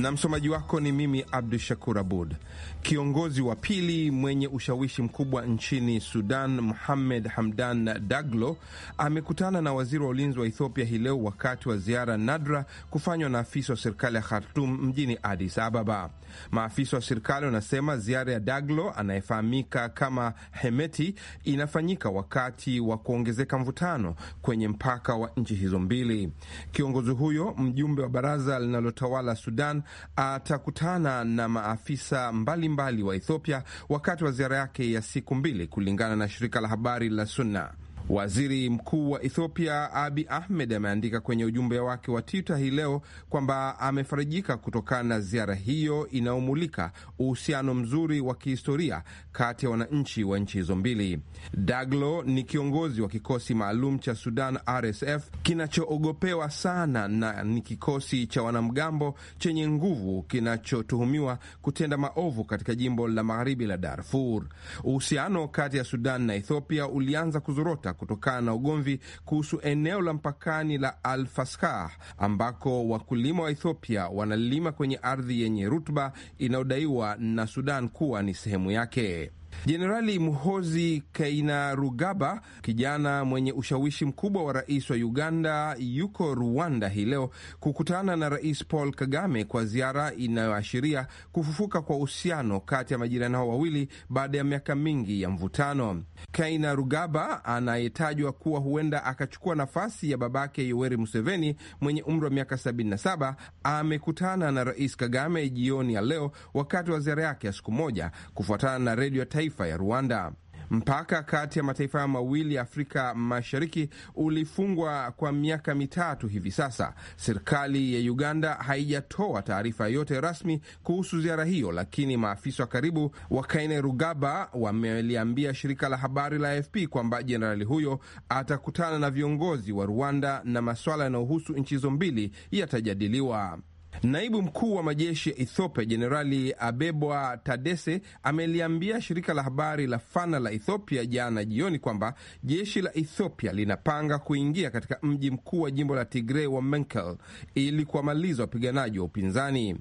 na msomaji wako ni mimi Abdu Shakur Abud. Kiongozi wa pili mwenye ushawishi mkubwa nchini Sudan, Muhammed Hamdan Daglo, amekutana na waziri wa ulinzi wa Ethiopia hii leo wakati wa ziara nadra kufanywa na afisa wa serikali ya Khartum mjini Adis Ababa. Maafisa wa serikali wanasema ziara ya Daglo anayefahamika kama Hemeti inafanyika wakati wa kuongezeka mvutano kwenye mpaka wa nchi hizo mbili. Kiongozi huyo, mjumbe wa baraza linalotawala Sudan, atakutana na maafisa mbalimbali mbali wa Ethiopia wakati wa ziara yake ya siku mbili, kulingana na shirika la habari la Sunna. Waziri Mkuu wa Ethiopia Abi Ahmed ameandika kwenye ujumbe wake wa Twitter hii leo kwamba amefarijika kutokana na ziara hiyo inayomulika uhusiano mzuri wa kihistoria kati ya wananchi wa nchi hizo mbili. Daglo ni kiongozi wa kikosi maalum cha Sudan RSF kinachoogopewa sana na ni kikosi cha wanamgambo chenye nguvu kinachotuhumiwa kutenda maovu katika jimbo la magharibi la Darfur. Uhusiano kati ya Sudan na Ethiopia ulianza kuzorota kutokana na ugomvi kuhusu eneo la mpakani la Al faska ambako wakulima wa Ethiopia wanalima kwenye ardhi yenye rutuba inayodaiwa na Sudan kuwa ni sehemu yake. Jenerali Muhozi Kainerugaba, kijana mwenye ushawishi mkubwa wa rais wa Uganda, yuko Rwanda hii leo kukutana na Rais Paul Kagame kwa ziara inayoashiria kufufuka kwa uhusiano kati ya majirani hao wawili baada ya miaka mingi ya mvutano. Kaina Rugaba anayetajwa kuwa huenda akachukua nafasi ya babake Yoweri Museveni mwenye umri wa miaka 77 amekutana na Rais Kagame jioni ya leo wakati wa ziara yake ya siku moja kufuatana na redio ya taifa ya Rwanda. Mpaka kati ya mataifa hayo mawili ya Afrika Mashariki ulifungwa kwa miaka mitatu hivi sasa. Serikali ya Uganda haijatoa taarifa yoyote rasmi kuhusu ziara hiyo, lakini maafisa wa karibu wa kaine rugaba wameliambia shirika la habari la AFP kwamba jenerali huyo atakutana na viongozi wa Rwanda na maswala yanayohusu nchi hizo mbili yatajadiliwa. Naibu mkuu wa majeshi ya Ethiopia Jenerali Abebwa tadese ameliambia shirika la habari la Fana la Ethiopia jana jioni kwamba jeshi la Ethiopia linapanga kuingia katika mji mkuu wa jimbo la tigre wa Menkel ili kuwamaliza wapiganaji wa upinzani.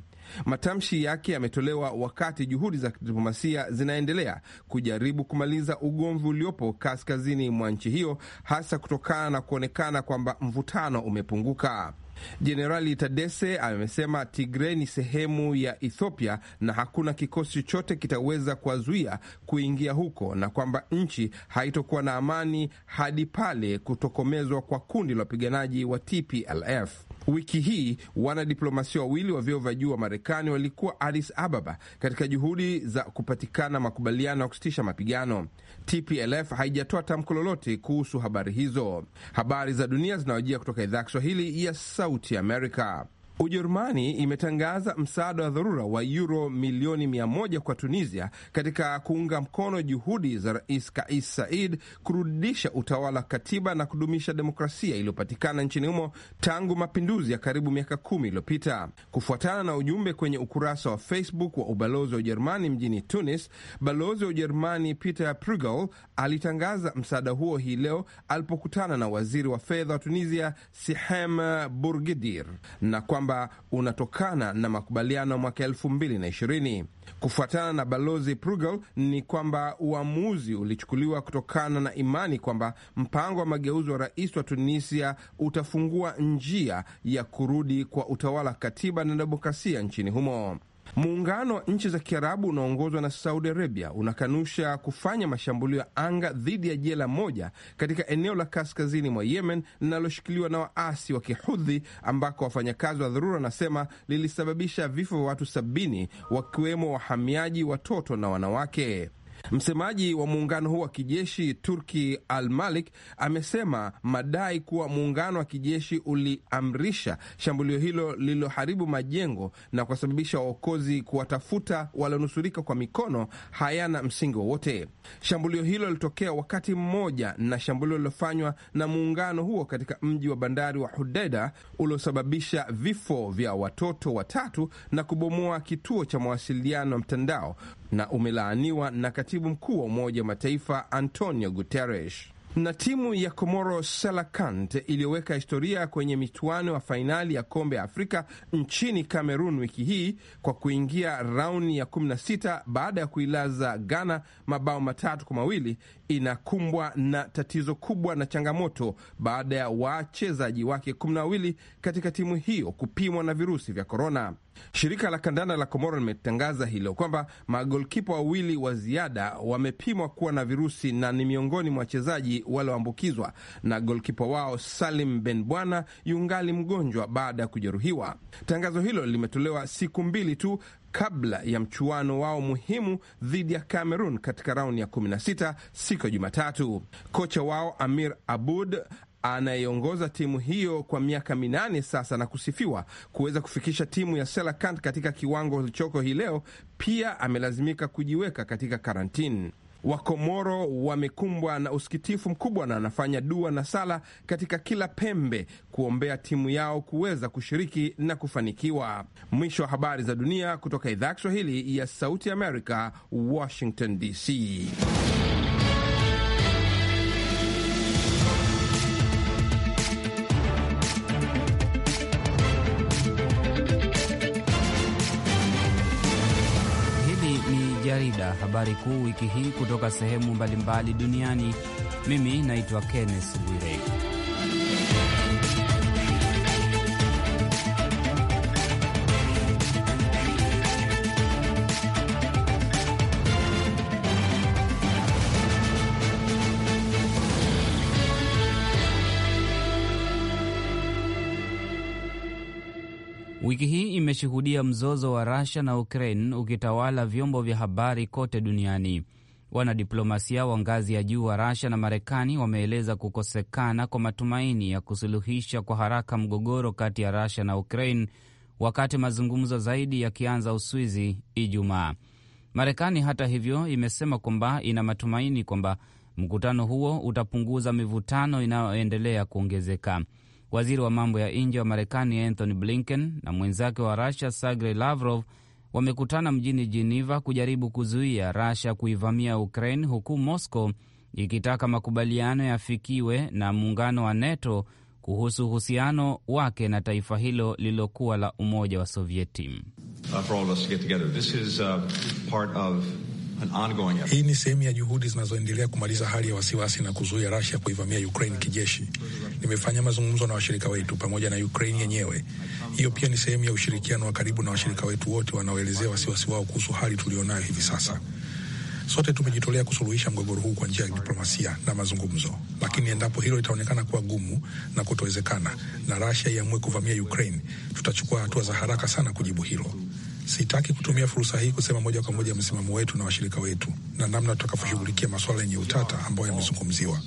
Matamshi yake yametolewa wakati juhudi za kidiplomasia zinaendelea kujaribu kumaliza ugomvi uliopo kaskazini mwa nchi hiyo, hasa kutokana na kuonekana kwamba mvutano umepunguka. Jenerali tadese amesema Tigre ni sehemu ya Ethiopia na hakuna kikosi chochote kitaweza kuwazuia kuingia huko, na kwamba nchi haitokuwa na amani hadi pale kutokomezwa kwa kundi la wapiganaji wa TPLF. Wiki hii wanadiplomasia wawili wa vyeo vya juu wa Marekani walikuwa Addis Ababa katika juhudi za kupatikana makubaliano ya kusitisha mapigano. TPLF haijatoa tamko lolote kuhusu habari hizo. Habari za dunia zinawajia kutoka idhaa ya Kiswahili ya Sauti Amerika. Ujerumani imetangaza msaada wa dharura wa yuro milioni mia moja kwa Tunisia katika kuunga mkono juhudi za Rais Kais said kurudisha utawala wa katiba na kudumisha demokrasia iliyopatikana nchini humo tangu mapinduzi ya karibu miaka kumi iliyopita. Kufuatana na ujumbe kwenye ukurasa wa Facebook wa ubalozi wa Ujerumani mjini Tunis, balozi wa Ujerumani Peter Prugel alitangaza msaada huo hii leo alipokutana na waziri wa fedha wa Tunisia Sihem Burgidir na kwamba kwamba unatokana na makubaliano mwaka elfu mbili na ishirini. Kufuatana na balozi Prugel ni kwamba uamuzi ulichukuliwa kutokana na imani kwamba mpango wa mageuzi wa rais wa Tunisia utafungua njia ya kurudi kwa utawala wa katiba na demokrasia nchini humo. Muungano wa nchi za Kiarabu unaoongozwa na Saudi Arabia unakanusha kufanya mashambulio ya anga dhidi ya jela moja katika eneo la kaskazini mwa Yemen linaloshikiliwa na waasi wa Kihudhi, ambako wafanyakazi wa dharura wanasema lilisababisha vifo vya watu sabini wakiwemo wahamiaji, watoto na wanawake. Msemaji wa muungano huo wa kijeshi Turki Al Malik amesema madai kuwa muungano wa kijeshi uliamrisha shambulio hilo lililoharibu majengo na kuwasababisha waokozi kuwatafuta walionusurika kwa mikono hayana msingi wowote. Shambulio hilo lilitokea wakati mmoja na shambulio lilofanywa na muungano huo katika mji wa bandari wa Hudaida uliosababisha vifo vya watoto watatu na kubomoa kituo cha mawasiliano mtandao na umelaaniwa na katibu mkuu wa Umoja wa Mataifa Antonio Guterres. Na timu ya Komoro Selakant iliyoweka historia kwenye michuano ya fainali ya kombe ya Afrika nchini Kamerun wiki hii kwa kuingia raundi ya 16 baada ya kuilaza Ghana mabao matatu kwa mawili inakumbwa na tatizo kubwa na changamoto baada ya wachezaji wake kumi na wawili katika timu hiyo kupimwa na virusi vya korona. Shirika la kandanda la Komoro limetangaza hilo kwamba magolkipa wawili wa ziada wamepimwa kuwa na virusi na ni miongoni mwa wachezaji walioambukizwa, na golkipa wao Salim ben bwana yungali mgonjwa baada ya kujeruhiwa. Tangazo hilo limetolewa siku mbili tu kabla ya mchuano wao muhimu dhidi ya Cameroon katika raundi ya 16 siku ya Jumatatu. Kocha wao Amir Abud anayeongoza timu hiyo kwa miaka minane sasa na kusifiwa kuweza kufikisha timu ya Selacant katika kiwango kilichoko hii leo, pia amelazimika kujiweka katika karantini. Wakomoro wamekumbwa na usikitifu mkubwa na wanafanya dua na sala katika kila pembe kuombea timu yao kuweza kushiriki na kufanikiwa. Mwisho wa habari za dunia kutoka idhaa ya Kiswahili ya Sauti Amerika, Washington DC. habari kuu wiki hii kutoka sehemu mbalimbali duniani. Mimi naitwa Kenneth Bwire. Wiki hii imeshuhudia mzozo wa rusia na Ukraine ukitawala vyombo vya habari kote duniani. Wanadiplomasia wa ngazi ya juu wa Russia na Marekani wameeleza kukosekana kwa matumaini ya kusuluhisha kwa haraka mgogoro kati ya rusia na Ukraine wakati mazungumzo zaidi yakianza Uswizi Ijumaa. Marekani hata hivyo imesema kwamba ina matumaini kwamba mkutano huo utapunguza mivutano inayoendelea kuongezeka. Waziri wa mambo ya nje wa Marekani Anthony Blinken na mwenzake wa Rusia Sergey Lavrov wamekutana mjini Geneva kujaribu kuzuia Rusia kuivamia Ukraine, huku Moscow ikitaka makubaliano yafikiwe na muungano wa NATO kuhusu uhusiano wake na taifa hilo lililokuwa la Umoja wa Sovieti. Uh, hii ni sehemu ya juhudi zinazoendelea kumaliza hali ya wasiwasi na kuzuia Russia kuivamia Ukraine kijeshi. Nimefanya mazungumzo na washirika wetu pamoja na Ukraine yenyewe. Hiyo pia ni sehemu ya ushirikiano wa karibu na washirika wetu wote wanaoelezea wasiwasi wao kuhusu hali tulionayo hivi sasa. Sote tumejitolea kusuluhisha mgogoro huu kwa njia ya diplomasia na mazungumzo, lakini endapo hilo litaonekana kuwa gumu na kutowezekana na rasia iamue kuvamia Ukraine, tutachukua hatua za haraka sana kujibu hilo. Sitaki kutumia fursa hii kusema moja kwa moja msimamo wetu na washirika wetu na namna tutakavyoshughulikia masuala yenye utata ambayo yamezungumziwa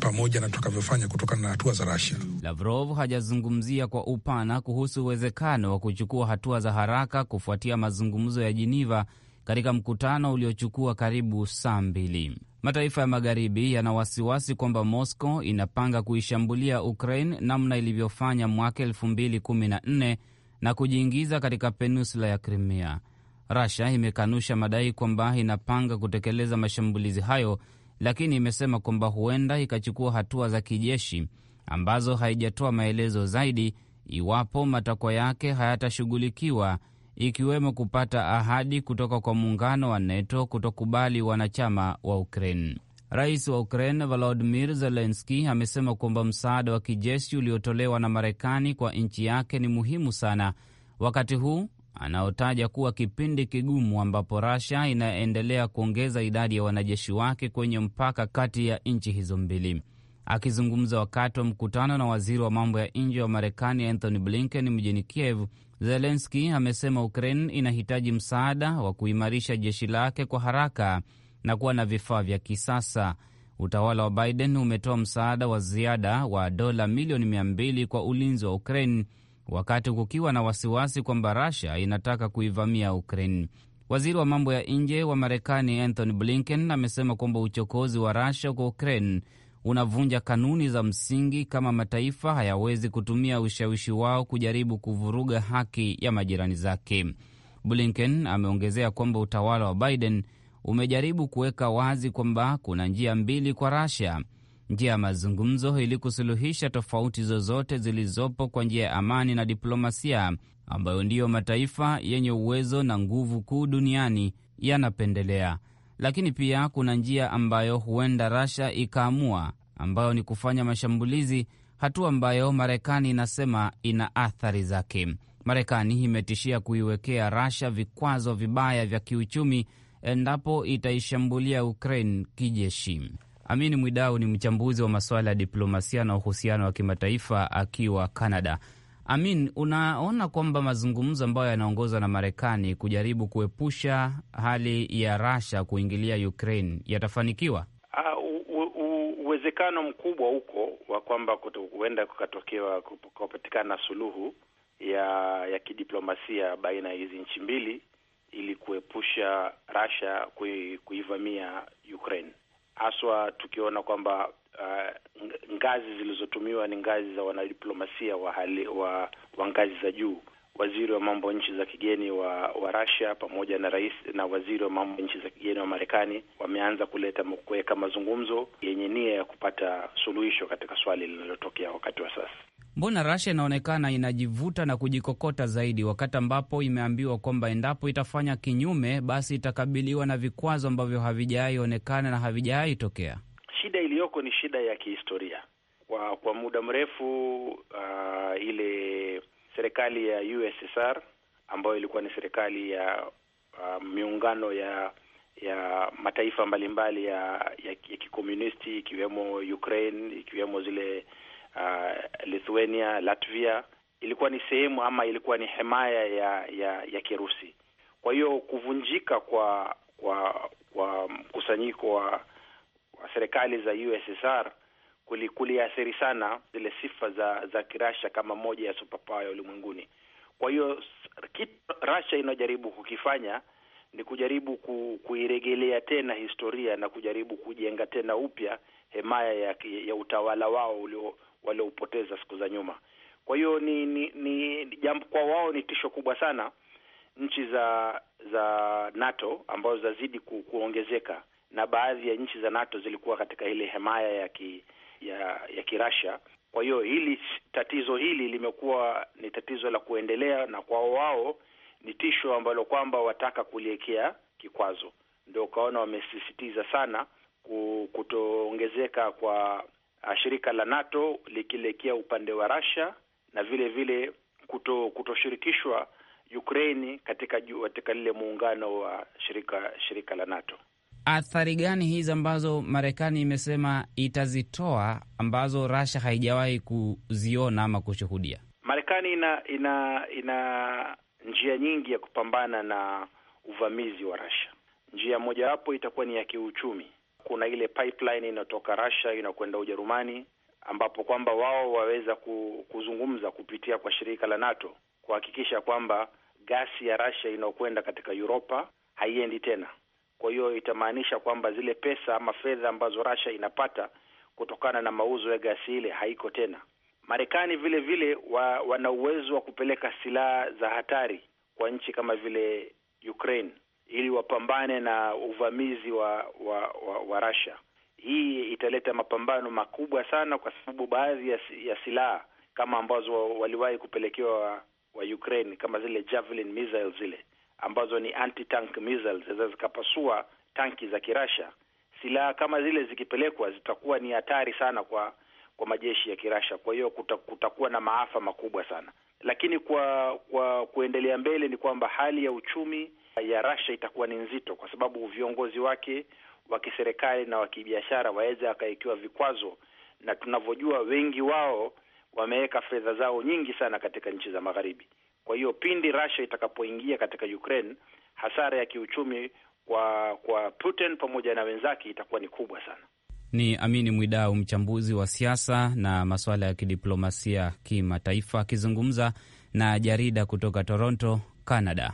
pamoja na tutakavyofanya kutokana na hatua za rasia Lavrov hajazungumzia kwa upana kuhusu uwezekano wa kuchukua hatua za haraka kufuatia mazungumzo ya jiniva katika mkutano uliochukua karibu saa mbili. Mataifa ya magharibi yana wasiwasi kwamba Moscow inapanga kuishambulia Ukraine namna ilivyofanya mwaka 2014 na kujiingiza katika peninsula ya krimia rasha imekanusha madai kwamba inapanga kutekeleza mashambulizi hayo, lakini imesema kwamba huenda ikachukua hatua za kijeshi ambazo haijatoa maelezo zaidi iwapo matakwa yake hayatashughulikiwa, ikiwemo kupata ahadi kutoka kwa muungano wa NATO kutokubali wanachama wa Ukraine. Rais wa Ukraine Volodimir Zelenski amesema kwamba msaada wa kijeshi uliotolewa na Marekani kwa nchi yake ni muhimu sana wakati huu anaotaja kuwa kipindi kigumu ambapo rasia inaendelea kuongeza idadi ya wanajeshi wake kwenye mpaka kati ya nchi hizo mbili. Akizungumza wakati wa mkutano na waziri wa mambo ya nje wa Marekani Anthony Blinken mjini Kiev, Zelenski amesema Ukraine inahitaji msaada wa kuimarisha jeshi lake kwa haraka na kuwa na vifaa vya kisasa. Utawala wa Biden umetoa msaada wa ziada wa dola milioni mia mbili kwa ulinzi wa Ukraine wakati kukiwa na wasiwasi kwamba Russia inataka kuivamia Ukraine. Waziri wa mambo ya nje wa Marekani Anthony Blinken amesema kwamba uchokozi wa Russia kwa Ukraine unavunja kanuni za msingi kama mataifa hayawezi kutumia ushawishi wao kujaribu kuvuruga haki ya majirani zake. Blinken ameongezea kwamba utawala wa Biden umejaribu kuweka wazi kwamba kuna njia mbili kwa Russia, njia ya mazungumzo ili kusuluhisha tofauti zozote zilizopo kwa njia ya amani na diplomasia, ambayo ndiyo mataifa yenye uwezo na nguvu kuu duniani yanapendelea, lakini pia kuna njia ambayo huenda Russia ikaamua, ambayo ni kufanya mashambulizi, hatua ambayo Marekani inasema ina athari zake. Marekani imetishia kuiwekea Russia vikwazo vibaya vya kiuchumi endapo itaishambulia Ukraine kijeshi. Amin Mwidau ni mchambuzi wa masuala ya diplomasia na uhusiano wa kimataifa akiwa Canada. Amin, unaona kwamba mazungumzo ambayo yanaongozwa na Marekani kujaribu kuepusha hali ya Russia kuingilia Ukraine yatafanikiwa? Ah, uwezekano mkubwa huko wa kwamba huenda kukatokewa kupatikana suluhu ya ya kidiplomasia baina ya hizi nchi mbili ili kuepusha Russia kuivamia Ukraine, haswa tukiona kwamba uh, ngazi zilizotumiwa ni ngazi za wanadiplomasia wa, hali, wa, wa ngazi za juu, waziri wa mambo nchi za kigeni wa, wa Russia pamoja na rais na waziri wa mambo nchi za kigeni wa Marekani wameanza kuleta kuweka mazungumzo yenye nia ya kupata suluhisho katika swali linalotokea wakati wa sasa. Mbona Russia inaonekana inajivuta na kujikokota zaidi, wakati ambapo imeambiwa kwamba endapo itafanya kinyume, basi itakabiliwa na vikwazo ambavyo havijawahi onekana na havijawahi tokea. Shida iliyoko ni shida ya kihistoria. Kwa, kwa muda mrefu uh, ile serikali ya USSR ambayo ilikuwa ni serikali ya uh, miungano ya ya mataifa mbalimbali ya ya, ya kikomunisti ikiwemo Ukraine ikiwemo zile uh, Lithuania, Latvia ilikuwa ni sehemu ama ilikuwa ni himaya ya ya, ya Kirusi. Kwa hiyo kuvunjika kwa kwa kwa mkusanyiko wa, wa serikali za USSR kuliathiri sana zile sifa za za kirasha kama moja ya superpower ya ulimwenguni. Kwa hiyo kitu Russia inajaribu kukifanya ni kujaribu ku, kuiregelea tena historia na kujaribu kujenga tena upya himaya ya, ya utawala wao ulio waliopoteza siku za nyuma. Kwa hiyo ni, ni, ni jambo kwa wao ni tisho kubwa sana nchi za za NATO ambazo zazidi ku, kuongezeka na baadhi ya nchi za NATO zilikuwa katika ile hemaya ya ki, ya, ya Kirasha. Kwa hiyo hili tatizo hili limekuwa ni tatizo la kuendelea, na kwa wao ni tisho ambalo kwamba wataka kuliekea kikwazo, ndio ukaona wamesisitiza sana kutoongezeka kwa shirika la NATO likielekea upande wa Russia na vile vile kuto, kutoshirikishwa Ukraine katika katika lile muungano wa shirika shirika la NATO. Athari gani hizi ambazo Marekani imesema itazitoa ambazo Russia haijawahi kuziona ama kushuhudia? Marekani ina ina ina njia nyingi ya kupambana na uvamizi wa Russia. Njia mojawapo itakuwa ni ya kiuchumi kuna ile pipeline inayotoka Russia inakwenda Ujerumani, ambapo kwamba wao waweza kuzungumza kupitia kwa shirika la NATO kuhakikisha kwamba gasi ya Russia inayokwenda katika Europa haiendi tena. Kwa hiyo itamaanisha kwamba zile pesa ama fedha ambazo Russia inapata kutokana na mauzo ya gasi ile haiko tena. Marekani vile vile wa, wana uwezo wa kupeleka silaha za hatari kwa nchi kama vile Ukraine ili wapambane na uvamizi wa wa, wa, wa Russia. Hii italeta mapambano makubwa sana, kwa sababu baadhi ya, ya silaha kama ambazo waliwahi kupelekewa wa, wa Ukraine kama zile Javelin missiles zile ambazo ni anti tank missiles zinaweza zikapasua tanki za Kirasha. Silaha kama zile zikipelekwa zitakuwa ni hatari sana kwa kwa majeshi ya Kirasha. Kwa hiyo kuta, kutakuwa na maafa makubwa sana lakini kwa kwa kuendelea mbele ni kwamba hali ya uchumi ya Russia itakuwa ni nzito, kwa sababu viongozi wake wa kiserikali na wa kibiashara waweze wakawekiwa vikwazo, na tunavyojua wengi wao wameweka fedha zao nyingi sana katika nchi za magharibi. Kwa hiyo pindi Russia itakapoingia katika Ukraine, hasara ya kiuchumi kwa kwa Putin pamoja na wenzake itakuwa ni kubwa sana. Ni Amini Mwidau, mchambuzi wa siasa na masuala ya kidiplomasia kimataifa, akizungumza na jarida kutoka Toronto, Canada.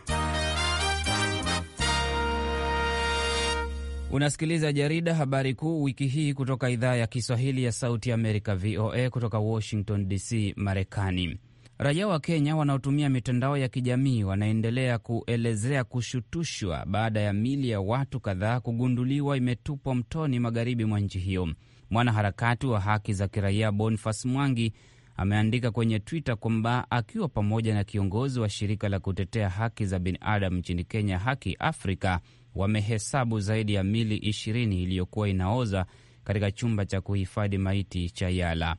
Unasikiliza jarida habari kuu wiki hii kutoka idhaa ya Kiswahili ya Sauti ya Amerika, VOA, kutoka Washington DC, Marekani. Raia wa Kenya wanaotumia mitandao ya kijamii wanaendelea kuelezea kushutushwa baada ya mili ya watu kadhaa kugunduliwa imetupwa mtoni magharibi mwa nchi hiyo. Mwanaharakati wa haki za kiraia Boniface Mwangi ameandika kwenye Twitter kwamba akiwa pamoja na kiongozi wa shirika la kutetea haki za binadamu nchini Kenya, Haki Afrika, wamehesabu zaidi ya mili ishirini iliyokuwa inaoza katika chumba cha kuhifadhi maiti cha Yala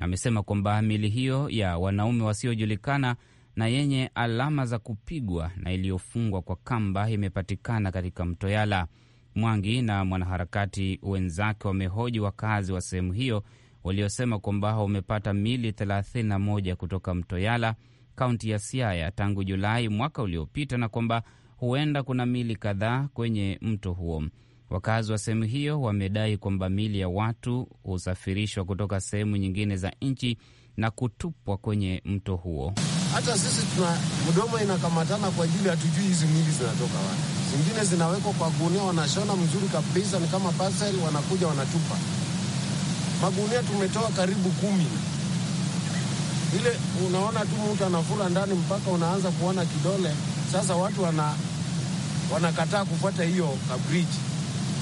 amesema kwamba mili hiyo ya wanaume wasiojulikana na yenye alama za kupigwa na iliyofungwa kwa kamba imepatikana katika mto Yala. Mwangi na mwanaharakati wenzake wamehoji wakazi wa sehemu hiyo waliosema kwamba wamepata mili 31 kutoka mto Yala, kaunti ya Siaya tangu Julai mwaka uliopita, na kwamba huenda kuna mili kadhaa kwenye mto huo. Wakazi wa sehemu hiyo wamedai kwamba mili ya watu husafirishwa kutoka sehemu nyingine za nchi na kutupwa kwenye mto huo. Hata sisi tuna mdomo inakamatana kwa ajili, hatujui hizi mili zinatoka wapi. Zingine zinawekwa kwa gunia, wanashona mzuri kabisa, ni kama pasel, wanakuja wanatupa magunia. Tumetoa karibu kumi ile unaona tu mtu anafura ndani mpaka unaanza kuona kidole. Sasa watu wana, wanakataa kufuata hiyo kabriji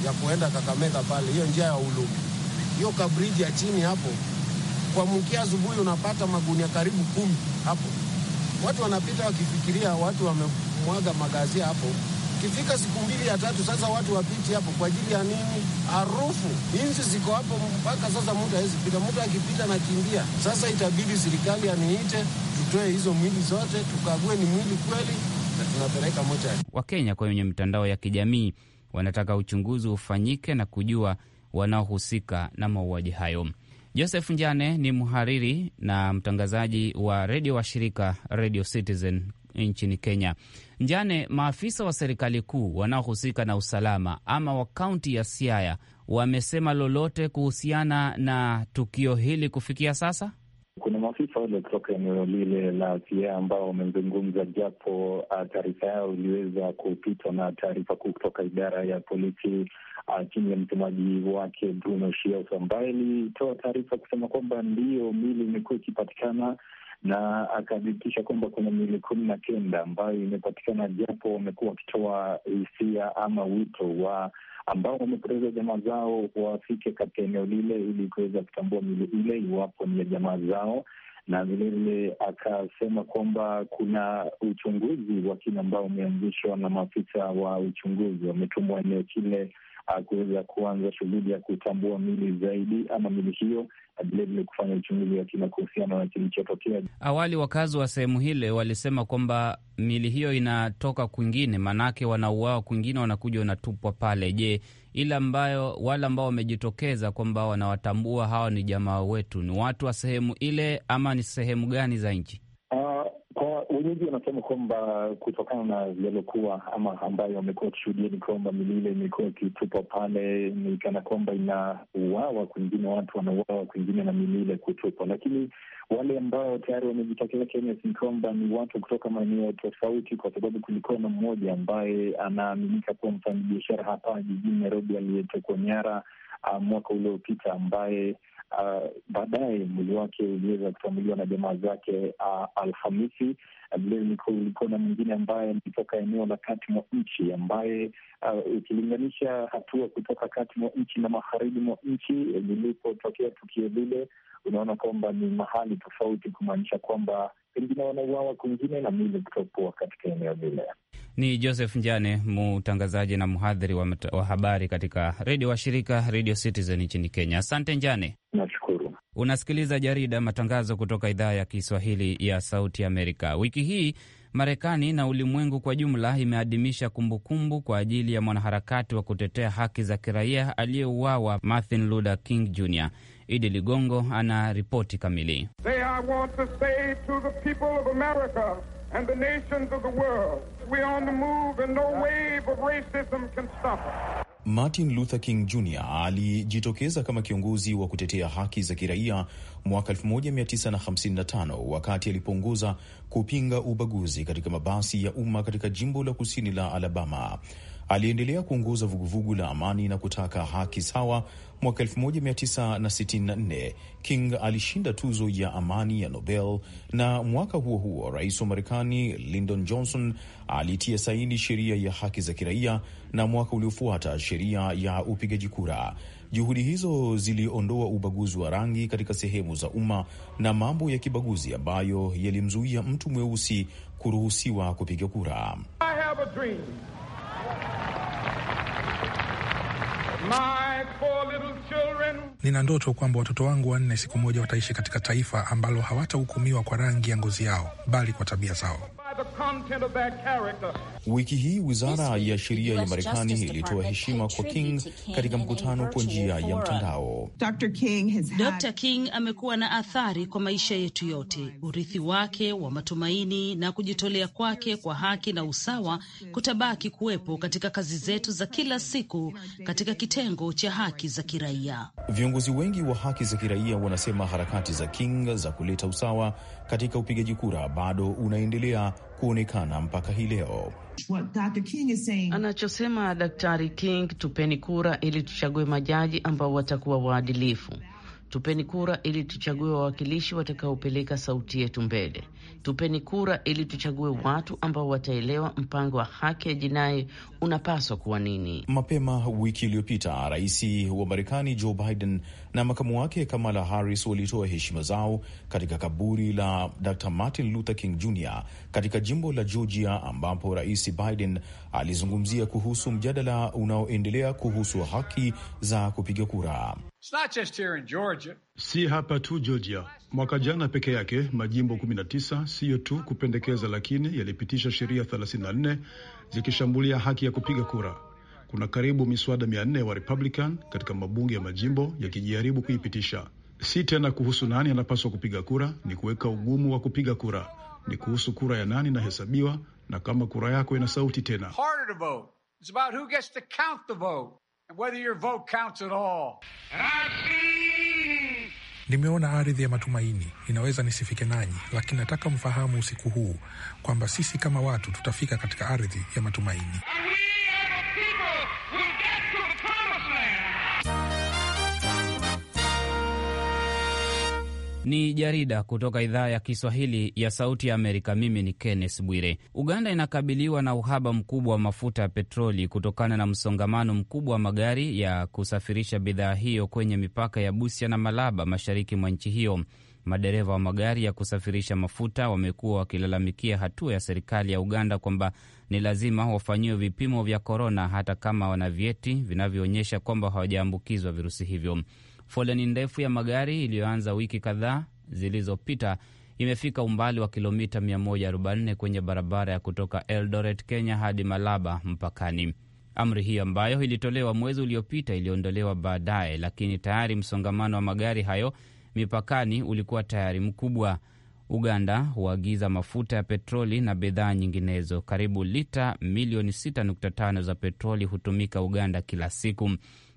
ya kuenda Kakamega pale, hiyo njia ya Ulumi, hiyo kabriji ya chini hapo, kwa mkia asubuhi unapata magunia karibu kumi hapo. Watu wanapita wakifikiria watu wamemwaga magazi hapo. Kifika siku mbili ya tatu sasa, watu wapiti hapo kwa ajili ya nini? Harufu inzi ziko hapo mpaka sasa, mtu hawezi pita, mtu akipita na kimbia. Sasa itabidi serikali aniite, tutoe hizo mwili zote, tukague ni mwili kweli, na tunapeleka mochari. Wakenya kwenye mitandao ya kijamii wanataka uchunguzi ufanyike na kujua wanaohusika na mauaji hayo. Joseph Njane ni mhariri na mtangazaji wa redio wa shirika Radio Citizen nchini Kenya. Njane, maafisa wa serikali kuu wanaohusika na usalama ama wa kaunti ya Siaya wamesema lolote kuhusiana na tukio hili kufikia sasa? Kuna maafisa wale kutoka eneo lile la Siaya ambao wamezungumza, japo ah, taarifa yao iliweza kupitwa na taarifa kuu kutoka idara ya polisi ah, chini ya msemaji wake Bruno Shioso, ambaye ilitoa taarifa kusema kwamba ndiyo mili imekuwa ikipatikana na akadhibitisha kwamba kuna miili kumi na kenda ambayo imepatikana, japo wamekuwa wakitoa hisia ama wito wa ambao wamepoteza jamaa zao wafike katika eneo lile ili kuweza kutambua mili ile iwapo ni ya jamaa zao, na vilevile akasema kwamba kuna uchunguzi wa kina ambao umeanzishwa na maafisa wa uchunguzi wametumwa eneo kile kuweza kuanza shughuli ya kutambua mili zaidi ama mili hiyo na vilevile kufanya uchunguzi wa kina kuhusiana na kilichotokea. Awali wakazi wa sehemu hile walisema kwamba mili hiyo inatoka kwingine, maanake wanauawa kwingine, wanakuja wanatupwa pale. Je, ile ambayo wale ambao wamejitokeza kwamba wanawatambua hawa ni jamaa wetu, ni watu wa sehemu ile ama ni sehemu gani za nchi? Ah, wenyeji wanasema kwamba kutokana na yaliokuwa ama ambayo wamekuwa wakishuhudia ni kwamba milile imekuwa ikitupwa pale, ni kana kwamba inauawa, kwingine watu wanauawa, kwingine na milile kutupwa. Lakini wale ambao tayari wamejitokeza Kenya ni kwamba ni watu kutoka maeneo tofauti, kwa sababu kulikuwa na mmoja ambaye anaaminika kuwa mfanyabiashara hapa jijini Nairobi aliyetekwa nyara uh, mwaka uliopita ambaye Uh, baadaye mwili wake uliweza kutambuliwa na jamaa zake uh, Alhamisi, Kulikuwa na mwingine ambaye alitoka eneo la kati mwa nchi ambaye uh, ukilinganisha hatua kutoka kati mwa nchi na magharibi mwa nchi eh, lilipotokea tukio lile, unaona kwamba ni mahali tofauti, kumaanisha kwamba pengine wanauawa kwingine na mili kutopoa katika eneo lile. Ni Joseph Njane, mtangazaji na mhadhiri wa, wa habari katika redio wa shirika Radio Citizen nchini Kenya. Asante Njane. Nash Unasikiliza jarida matangazo kutoka idhaa ya Kiswahili ya Sauti Amerika. Wiki hii Marekani na ulimwengu kwa jumla imeadhimisha kumbukumbu kwa ajili ya mwanaharakati wa kutetea haki za kiraia aliyeuawa Martin Luther King Jr. Idi Ligongo ana ripoti kamili. Martin Luther King Jr alijitokeza kama kiongozi wa kutetea haki za kiraia mwaka 1955 wakati alipoongoza kupinga ubaguzi katika mabasi ya umma katika jimbo la kusini la Alabama. Aliendelea kuongoza vuguvugu la amani na kutaka haki sawa Mwaka 1964 King alishinda tuzo ya amani ya Nobel, na mwaka huo huo rais wa Marekani Lyndon Johnson alitia saini sheria ya haki za kiraia, na mwaka uliofuata sheria ya upigaji kura. Juhudi hizo ziliondoa ubaguzi wa rangi katika sehemu za umma na mambo ya kibaguzi ambayo ya yalimzuia mtu mweusi kuruhusiwa kupiga kura. I have a dream. My Nina ndoto kwamba watoto wangu wanne siku moja wataishi katika taifa ambalo hawatahukumiwa kwa rangi ya ngozi yao, bali kwa tabia zao. Wiki hii wizara ya sheria ya Marekani ilitoa heshima kwa King katika mkutano kwa njia ya mtandao. Dr. King, had... Dr. King amekuwa na athari kwa maisha yetu yote. Urithi wake wa matumaini na kujitolea kwake kwa haki na usawa kutabaki kuwepo katika kazi zetu za kila siku katika kitengo cha haki za kiraia. Viongozi wengi wa haki za kiraia wanasema harakati za King za kuleta usawa katika upigaji kura bado unaendelea kuonekana mpaka hii leo. Anachosema Daktari King, tupeni kura ili tuchague majaji ambao watakuwa waadilifu. Tupeni kura ili tuchague wawakilishi watakaopeleka sauti yetu mbele. Tupeni kura ili tuchague watu ambao wataelewa mpango wa haki ya jinai unapaswa kuwa nini. Mapema wiki iliyopita, rais wa Marekani Joe Biden na makamu wake Kamala Harris walitoa heshima zao katika kaburi la Dr Martin Luther King Jr katika jimbo la Georgia, ambapo rais Biden alizungumzia kuhusu mjadala unaoendelea kuhusu haki za kupiga kura. Si hapa tu Georgia. Mwaka jana peke yake majimbo 19 siyo tu kupendekeza, lakini yalipitisha sheria 34 zikishambulia haki ya kupiga kura. Kuna karibu miswada 400 wa Republican katika mabunge ya majimbo yakijaribu kuipitisha. Si tena kuhusu nani anapaswa kupiga kura, ni kuweka ugumu wa kupiga kura. Ni kuhusu kura ya nani inahesabiwa na kama kura yako ina sauti tena. Nimeona ardhi ya matumaini, inaweza nisifike nanyi, lakini nataka mfahamu usiku huu kwamba sisi kama watu tutafika katika ardhi ya matumaini. ni jarida kutoka idhaa ya Kiswahili ya Sauti ya Amerika. Mimi ni Kenneth Bwire. Uganda inakabiliwa na uhaba mkubwa wa mafuta ya petroli kutokana na msongamano mkubwa wa magari ya kusafirisha bidhaa hiyo kwenye mipaka ya Busia na Malaba, mashariki mwa nchi hiyo. Madereva wa magari ya kusafirisha mafuta wamekuwa wakilalamikia hatua ya serikali ya Uganda kwamba ni lazima wafanyiwe vipimo vya korona, hata kama wana vyeti vinavyoonyesha kwamba hawajaambukizwa virusi hivyo. Foleni ndefu ya magari iliyoanza wiki kadhaa zilizopita imefika umbali wa kilomita 140 kwenye barabara ya kutoka Eldoret, Kenya hadi Malaba mpakani. Amri hiyo ambayo ilitolewa mwezi uliopita iliondolewa baadaye, lakini tayari msongamano wa magari hayo mipakani ulikuwa tayari mkubwa. Uganda huagiza mafuta ya petroli na bidhaa nyinginezo. Karibu lita milioni 6.5 za petroli hutumika Uganda kila siku.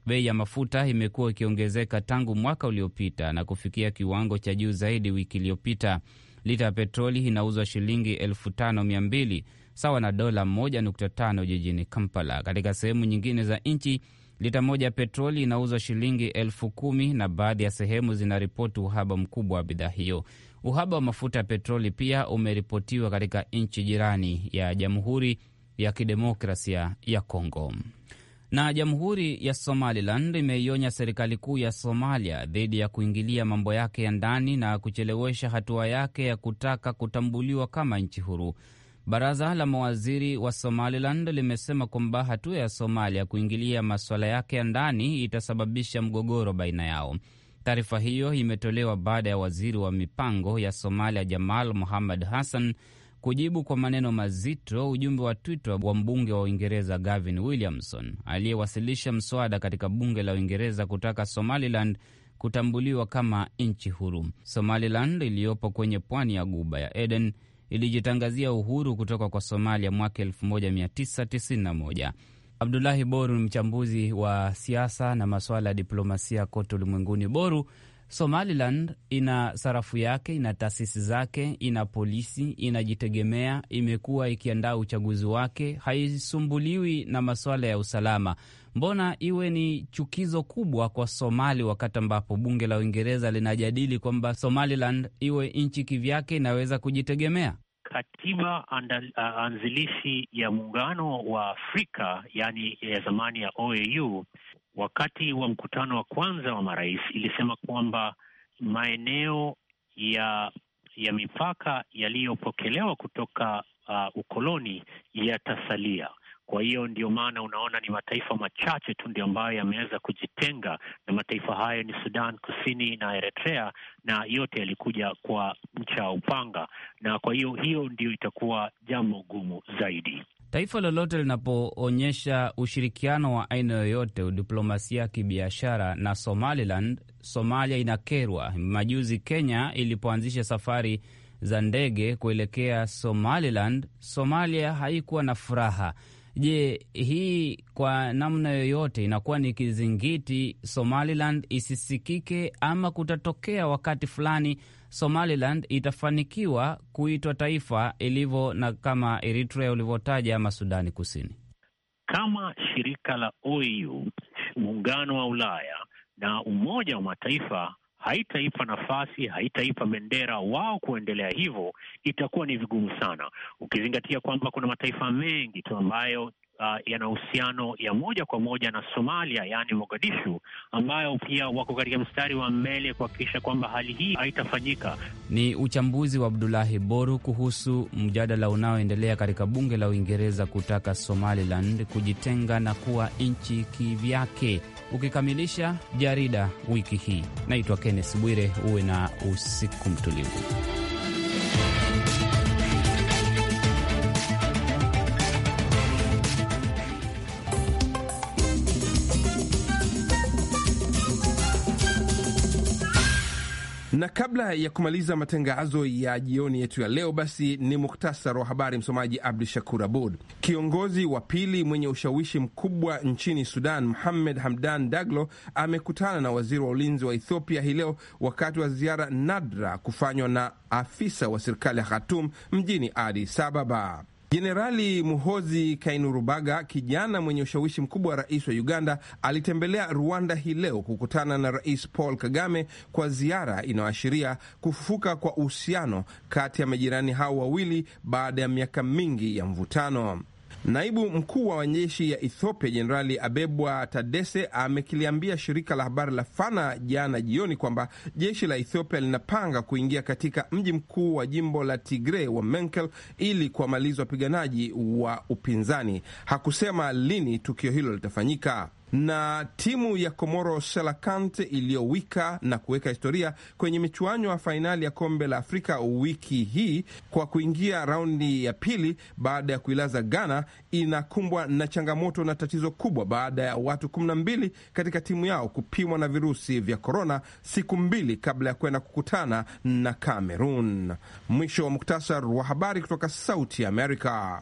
Bei ya mafuta imekuwa ikiongezeka tangu mwaka uliopita na kufikia kiwango cha juu zaidi wiki iliyopita. Lita ya petroli inauzwa shilingi 52 sawa na dola 1.5 jijini Kampala. Katika sehemu nyingine za nchi, lita moja ya petroli inauzwa shilingi elfu na baadhi ya sehemu zinaripoti uhaba mkubwa wa bidhaa hiyo. Uhaba wa mafuta ya petroli pia umeripotiwa katika nchi jirani ya Jamhuri ya Kidemokrasia ya Kongo. Na jamhuri ya Somaliland imeionya serikali kuu ya Somalia dhidi ya kuingilia mambo yake ya ndani na kuchelewesha hatua yake ya kutaka kutambuliwa kama nchi huru. Baraza la mawaziri wa Somaliland limesema kwamba hatua ya Somalia kuingilia masuala yake ya ndani itasababisha mgogoro baina yao. Taarifa hiyo imetolewa baada ya waziri wa mipango ya Somalia Jamal Muhammad Hassan kujibu kwa maneno mazito ujumbe wa Twitter wa mbunge wa Uingereza Gavin Williamson aliyewasilisha mswada katika bunge la Uingereza kutaka Somaliland kutambuliwa kama nchi huru. Somaliland iliyopo kwenye pwani ya guba ya Eden ilijitangazia uhuru kutoka kwa Somalia mwaka 1991. Abdulahi Boru ni mchambuzi wa siasa na masuala ya diplomasia kote ulimwenguni. Boru, Somaliland ina sarafu yake, ina taasisi zake, ina polisi, inajitegemea, imekuwa ikiandaa uchaguzi wake, haisumbuliwi na masuala ya usalama. Mbona iwe ni chukizo kubwa kwa Somali wakati ambapo bunge la Uingereza linajadili kwamba Somaliland iwe nchi kivyake, inaweza kujitegemea? Katiba andal, uh, anzilishi ya muungano wa Afrika yani ya zamani ya OAU wakati wa mkutano wa kwanza wa marais ilisema kwamba maeneo ya ya mipaka yaliyopokelewa kutoka uh, ukoloni yatasalia. Kwa hiyo ndio maana unaona ni mataifa machache tu ndio ambayo yameweza kujitenga, na mataifa hayo ni Sudan Kusini na Eritrea, na yote yalikuja kwa ncha ya upanga, na kwa hiyo hiyo ndio itakuwa jambo gumu zaidi. Taifa lolote linapoonyesha ushirikiano wa aina yoyote, udiplomasia, kibiashara na Somaliland, Somalia inakerwa. Majuzi Kenya ilipoanzisha safari za ndege kuelekea Somaliland, Somalia haikuwa na furaha. Je, hii kwa namna yoyote inakuwa ni kizingiti Somaliland isisikike ama kutatokea wakati fulani Somaliland itafanikiwa kuitwa taifa ilivyo na kama Eritrea ulivyotaja ama Sudani Kusini? Kama shirika la OU, muungano wa Ulaya na Umoja wa Mataifa haitaipa nafasi, haitaipa bendera wao kuendelea hivyo, itakuwa ni vigumu sana, ukizingatia kwamba kuna mataifa mengi tu ambayo uh, yana uhusiano ya moja kwa moja na Somalia, yaani Mogadishu, ambayo pia wako katika mstari wa mbele kuhakikisha kwamba hali hii haitafanyika. Ni uchambuzi wa Abdulahi Boru kuhusu mjadala unaoendelea katika bunge la Uingereza kutaka Somaliland kujitenga na kuwa nchi kivyake, ukikamilisha jarida wiki hii. Naitwa Kenneth Bwire, uwe na usiku mtulivu. kabla ya kumaliza matangazo ya jioni yetu ya leo, basi ni muktasar wa habari. Msomaji Abdu Shakur Abud. Kiongozi wa pili mwenye ushawishi mkubwa nchini Sudan, Muhammed Hamdan Daglo, amekutana na waziri wa ulinzi wa Ethiopia hii leo wakati wa ziara nadra kufanywa na afisa wa serikali ya khatum mjini Adis Ababa. Jenerali Muhozi Kainurubaga, kijana mwenye ushawishi mkubwa wa rais wa Uganda, alitembelea Rwanda hii leo kukutana na Rais Paul Kagame kwa ziara inayoashiria kufufuka kwa uhusiano kati ya majirani hao wawili baada ya miaka mingi ya mvutano. Naibu mkuu wa majeshi ya Ethiopia Jenerali Abebwa tadese amekiliambia shirika la habari la Fana jana jioni kwamba jeshi la Ethiopia linapanga kuingia katika mji mkuu wa jimbo la tigre wa menkel ili kuwamaliza wapiganaji wa upinzani. Hakusema lini tukio hilo litafanyika na timu ya Komoro Selakante iliyowika na kuweka historia kwenye michuano ya fainali ya kombe la Afrika wiki hii kwa kuingia raundi ya pili baada ya kuilaza Ghana, inakumbwa na changamoto na tatizo kubwa baada ya watu 12 katika timu yao kupimwa na virusi vya korona siku mbili kabla ya kwenda kukutana na Cameroon. Mwisho wa muktasar wa habari kutoka Sauti Amerika.